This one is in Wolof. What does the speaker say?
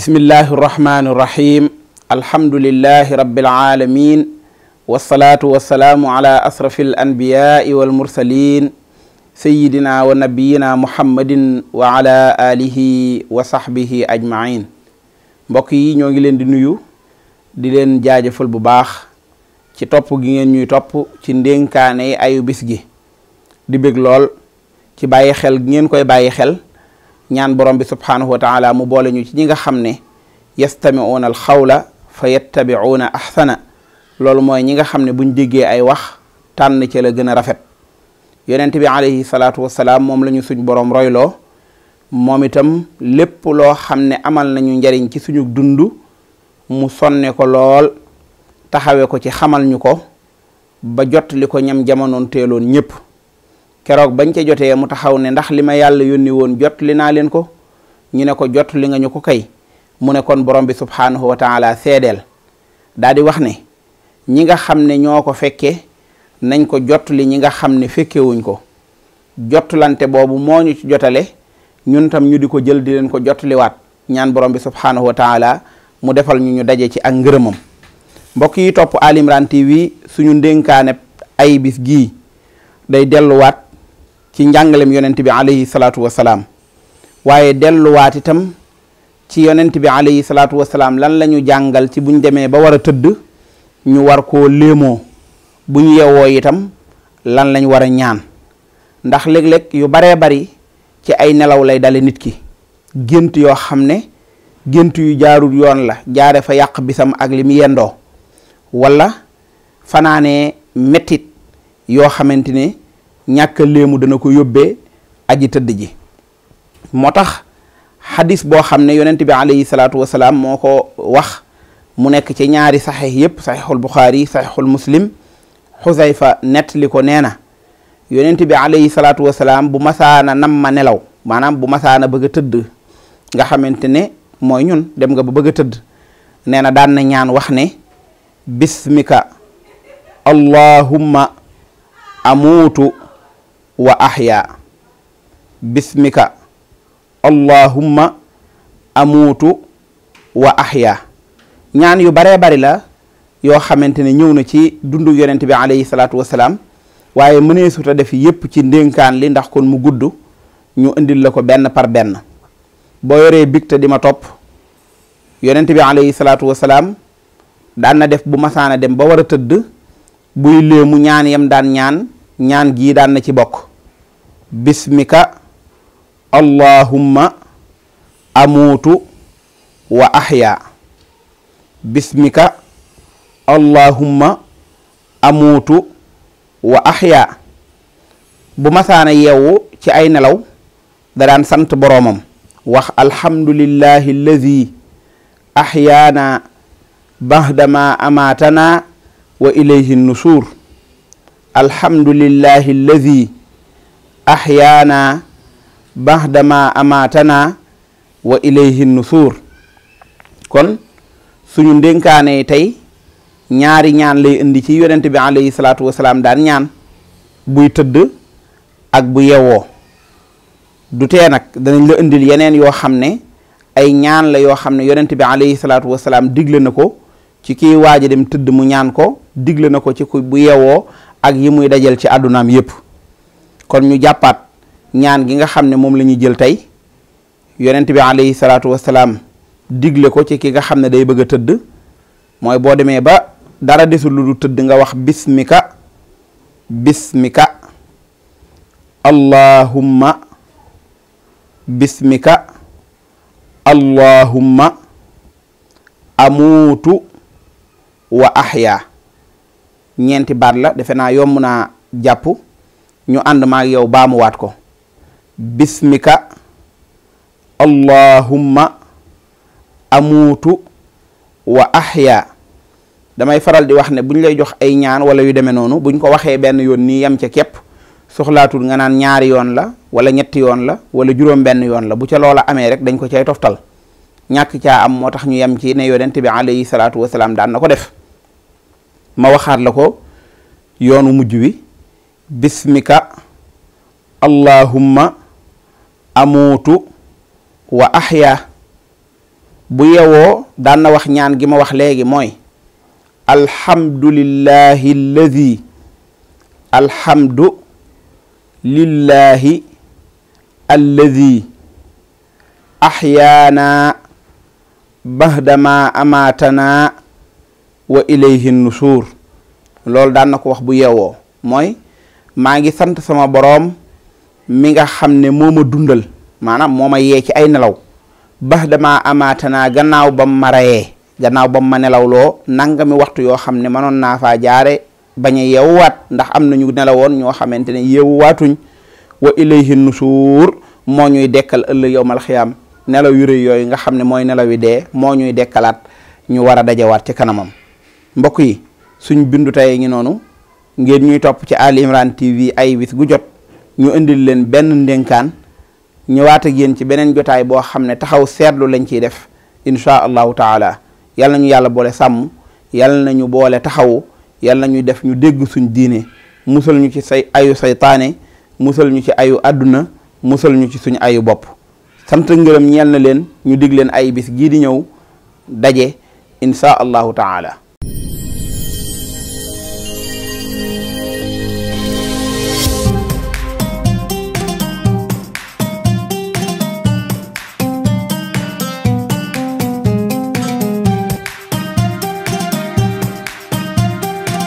bismillahi irrahmani irrahim alhamdulillahi rabbil alamin wasalaatu wasalaamu ala asrafi al anbiyai walmursalin sayidina wa nabiyina muhammadin wa ala alihi wa sahbihi ajmain mbokk yi ñoo ngi leen di nuyu di leen jaajëfal bu baax ci topp gi ngeen ñuy topp ci ndénkaane ayu bis gi di bég lool ci bàyyi xel gi ngeen koy bàyyi xel ñaan borom bi subhaanahu wa taala mu boole ñu ci ñi nga xam ne yastamiuuna al xawla fa yattabiuuna ahsana loolu mooy ñi nga xam ne buñ déggee ay wax tànn ci la gën a rafet yonent bi alayhi salaatu wasalaam moom la ñu suñ borom roy loo moom itam lépp loo xam ne amal nañu njariñ ci suñu dund mu sonne ko lool taxawe ko ci xamal ñu ko ba jot ko ñam jamonoon teeloon ñëpp keroog bañ ca jotee mu taxaw ne ndax li ma yàlla yónni woon jot li leen ko ñu ne ko jot li nga ñu ko kay mu ne kon borom bi subhaanahu wa taala seedeel daal di wax ne ñi nga xam ne ñoo ko fekkee nañ ko jot ñi nga xam ne fekkewuñ ko jotlante boobu moo ñu ci jotale ñun tam ñu di ko jël di leen ko jotliwaat ñaan borom bi subhaanahu wa taala mu defal ñu ñu daje ci ak ngërëmam mbokk topp Ali Imran TV suñu ndénkaane ay bis gii day delluwaat ci njàngalem yonent bi alayhi salaatu wa salaam waaye delluwaat itam ci yonent bi alayhi salaatu wa salaam lan lañu jàngal ci buñ demee ba war a tëdd ñu war ko léemoo bu ñu yewoo itam lan lañ war a ñaan ndax léeg-léeg yu baree bari ci ay nelaw lay dale nit ki gént yoo xam ne gént yu jaarul yoon la jaare fa yàq bisam ak li mu yendoo wala fanaanee mettit yoo xamante ñàkk léemu dana ko yóbbee aji tëdd ji moo tax xadis boo xam ne yonent bi alayhi salaatu wa salaam moo ko wax mu nekk ci ñaari saxiix yëpp saxiixul buxaari saxiixul muslim xusayfa fa li ko nee na yonent bi alayhi salaatu wa salaam bu masaana nam ma nelaw maanaam bu masaana bëgg a tëdd nga xamante ne mooy ñun dem nga ba bëgg a tëdd nee na daan na ñaan wax ne bismika allahumma amuutu wa ahya bismika allahumma amuutu wa ahya ñaan yu baree bari la yoo xamante ne ñëw na ci dundu yonent bi alayhi salaatu waaye mënee suta def yépp ci ndénkaan li ndax kon mu gudd ñu indil la ko benn par benn boo yoree big te di ma topp yonent bi alayhi salaatu wasalaam daan na def bu masaana dem ba war a tëdd buy léemu ñaan yam daan ñaan gii daan na ci bokk bismika allahumma amuutu wa ahya bismika allahumma amuutu wa ahya bu masaana yeewu ci ay nelaw da daan sant boroomam wax alhamdulillahi alladi ahyaana bahdama amaatana wa ilayhi nusuur alhamdulillahi alladi ahyaana baxdama amatana wa ilayhi nusuur kon suñu ndénkaane tey ñaari ñaan lay indi ci yonent bi alayhi salaatu wasalaam daan ñaan buy tëdd ak bu yewoo du tee nag danañ la indil yeneen yoo xam ne ay ñaan la yoo xam ne yonent bi alayhi salaatu wasalaam digle na ko ci ki waaj dem tëdd mu ñaan ko digle na ko ci ku bu yewoo ak yi muy dajal ci àddunaam yépp kon ñu jàppaat ñaan gi nga xam ne moom la ñuy jël tey yonent bi alayhi salaatu wasalaam digle ko ci ki nga xam ne day bëgg a tëdd mooy boo demee ba dara desul lu du tëdd nga wax bismika bismika allahumma bismika allahumma amuutu wa ahya ñeenti baat la defe naa yomb naa jàpp ñu ànd maag yow baamuwaat ko bismika allahumma amuutu wa ahya damay faral di wax ne buñ lay jox ay ñaan wala yu demee noonu buñ ko waxee benn yoon nii yem ca képp soxlaatul nga naan ñaari yoon la wala ñetti yoon la wala juróom benn yoon la bu ca loola amee rek dañ ko cay toftal ñàkk caa am moo tax ñu yem ci ne yonent bi alayhi salaatu wasalaam daan na ko def ma waxaat la ko yoonu mujj wi bismika allahumma amuutu wa ahya bu yewoo daan na wax ñaan gi ma wax léegi mooy alhamdulillahi alladi alhamdu lillahi alladi ahyaana bahdama amaatana wa ilayhi nusuur loolu daan na ko wax bu yewoo mooy maa ngi sant sama boroom mi nga xam ne moo ma dundal maanaam moo ma yee ci ay nelaw ba dama amaatanaa gannaaw bam ma rayee gannaaw bam ma nelaw nelawloo nangami waxtu yoo xam ne mënoon naa faa jaare bañ a waat ndax am na ñu nelawoon ñoo xamante ne yeewuwaatuñ wa ilayhi nusuur moo ñuy dekkal ëllëg yow mal nelaw yu rëy yooyu nga xam ne mooy nelaw yi dee moo ñuy dekkalaat ñu war a dajawaat ci kanamam mbokk yi suñ bindu tey ngi noonu ngeen ñuy topp ci Ali Imran TV ay bis gu jot ñu indil leen benn ndénkaan ñëwaat ak yéen ci beneen jotaay boo xam ne taxaw seetlu lañ ciy def incha allahu taala yal nañu yàlla boole sàmm yal nañu boole taxawu yal nañu def ñu dégg suñ diine musal ñu ci say ayu saytaane musal ñu ci ayu àdduna musal ñu ci suñu ayu bopp sant ngërëm ñeel na leen ñu dig leen ay bis gii di ñëw daje incha allahu taala